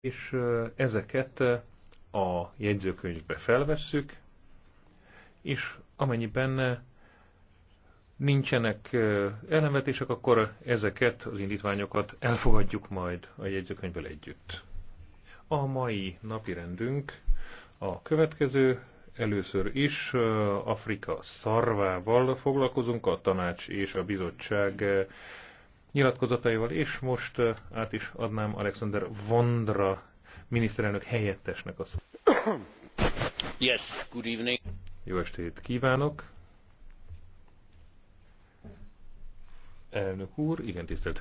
és ezeket a jegyzőkönyvbe felvesszük, és amennyiben nincsenek ellenvetések, akkor ezeket az indítványokat elfogadjuk majd a jegyzőkönyvvel együtt. A mai napi rendünk a következő, először is Afrika szarvával foglalkozunk, a tanács és a bizottság nyilatkozataival, és most át is adnám Alexander Vondra miniszterelnök helyettesnek a szót. Yes, good evening. Jó estét kívánok. Elnök úr, igen tisztelt